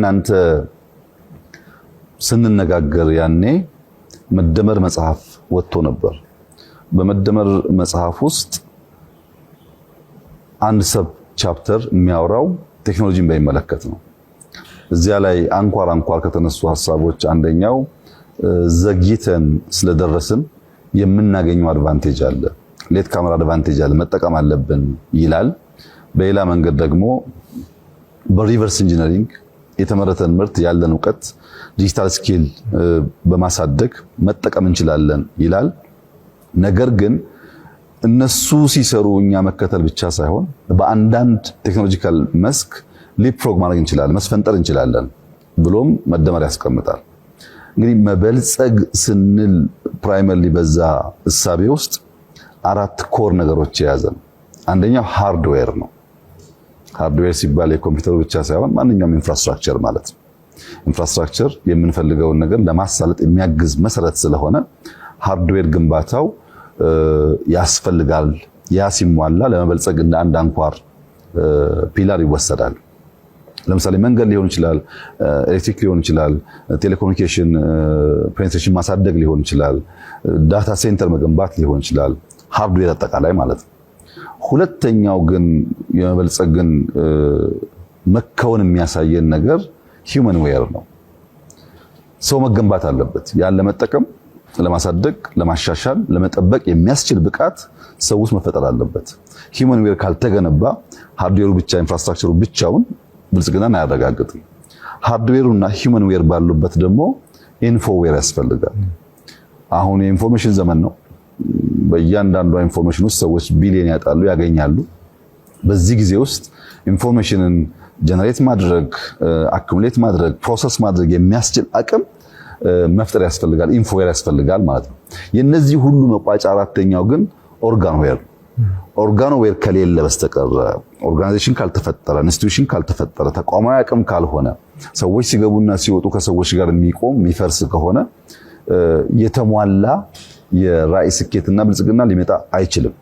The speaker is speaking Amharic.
እናንተ ስንነጋገር ያኔ መደመር መጽሐፍ ወጥቶ ነበር። በመደመር መጽሐፍ ውስጥ አንድ ሰብ ቻፕተር የሚያወራው ቴክኖሎጂን በሚመለከት ነው። እዚያ ላይ አንኳር አንኳር ከተነሱ ሀሳቦች አንደኛው ዘግይተን ስለደረስን የምናገኘው አድቫንቴጅ አለ፣ ሌት ካሜራ አድቫንቴጅ አለ፣ መጠቀም አለብን ይላል። በሌላ መንገድ ደግሞ በሪቨርስ ኢንጂነሪንግ የተመረተን ምርት ያለን እውቀት ዲጂታል ስኪል በማሳደግ መጠቀም እንችላለን ይላል። ነገር ግን እነሱ ሲሰሩ እኛ መከተል ብቻ ሳይሆን በአንዳንድ ቴክኖሎጂካል መስክ ሊፕሮግ ማድረግ እንችላለን፣ መስፈንጠር እንችላለን ብሎም መደመር ያስቀምጣል። እንግዲህ መበልጸግ ስንል ፕራይመሪ በዛ እሳቤ ውስጥ አራት ኮር ነገሮች የያዘ ነው። አንደኛው ሃርድዌር ነው። ሃርድዌር ሲባል የኮምፒውተሩ ብቻ ሳይሆን ማንኛውም ኢንፍራስትራክቸር ማለት ነው። ኢንፍራስትራክቸር የምንፈልገውን ነገር ለማሳለጥ የሚያግዝ መሰረት ስለሆነ ሃርድዌር ግንባታው ያስፈልጋል። ያ ሲሟላ ለመበልጸግ እንደ አንድ አንኳር ፒላር ይወሰዳል። ለምሳሌ መንገድ ሊሆን ይችላል፣ ኤሌክትሪክ ሊሆን ይችላል፣ ቴሌኮሙኒኬሽን ፔኔትሬሽን ማሳደግ ሊሆን ይችላል፣ ዳታ ሴንተር መገንባት ሊሆን ይችላል። ሃርድዌር አጠቃላይ ማለት ነው። ሁለተኛው ግን የመበልጸግን መከወን የሚያሳየን ነገር ሂውመን ዌር ነው። ሰው መገንባት አለበት። ያን ለመጠቀም፣ ለማሳደግ፣ ለማሻሻል፣ ለመጠበቅ የሚያስችል ብቃት ሰው ውስጥ መፈጠር አለበት። ሂውመን ዌር ካልተገነባ ሃርድዌሩ ብቻ ኢንፍራስትራክቸሩ ብቻውን ብልጽግናን አያረጋግጥም። ሃርድዌሩና ሂውመን ዌር ባሉበት ደግሞ ኢንፎ ዌር ያስፈልጋል። አሁን የኢንፎርሜሽን ዘመን ነው። በእያንዳንዷ ኢንፎርሜሽን ውስጥ ሰዎች ቢሊየን ያጣሉ፣ ያገኛሉ። በዚህ ጊዜ ውስጥ ኢንፎርሜሽንን ጀነሬት ማድረግ፣ አኩሙሌት ማድረግ፣ ፕሮሰስ ማድረግ የሚያስችል አቅም መፍጠር ያስፈልጋል። ኢንፎዌር ያስፈልጋል ማለት ነው። የነዚህ ሁሉ መቋጫ አራተኛው ግን ኦርጋንዌር ኦርጋንዌር ከሌለ በስተቀር ኦርጋናይዜሽን ካልተፈጠረ፣ ኢንስቲትዩሽን ካልተፈጠረ፣ ተቋማዊ አቅም ካልሆነ፣ ሰዎች ሲገቡና ሲወጡ ከሰዎች ጋር የሚቆም የሚፈርስ ከሆነ የተሟላ የራዕይ ስኬትና ብልጽግና ሊመጣ አይችልም።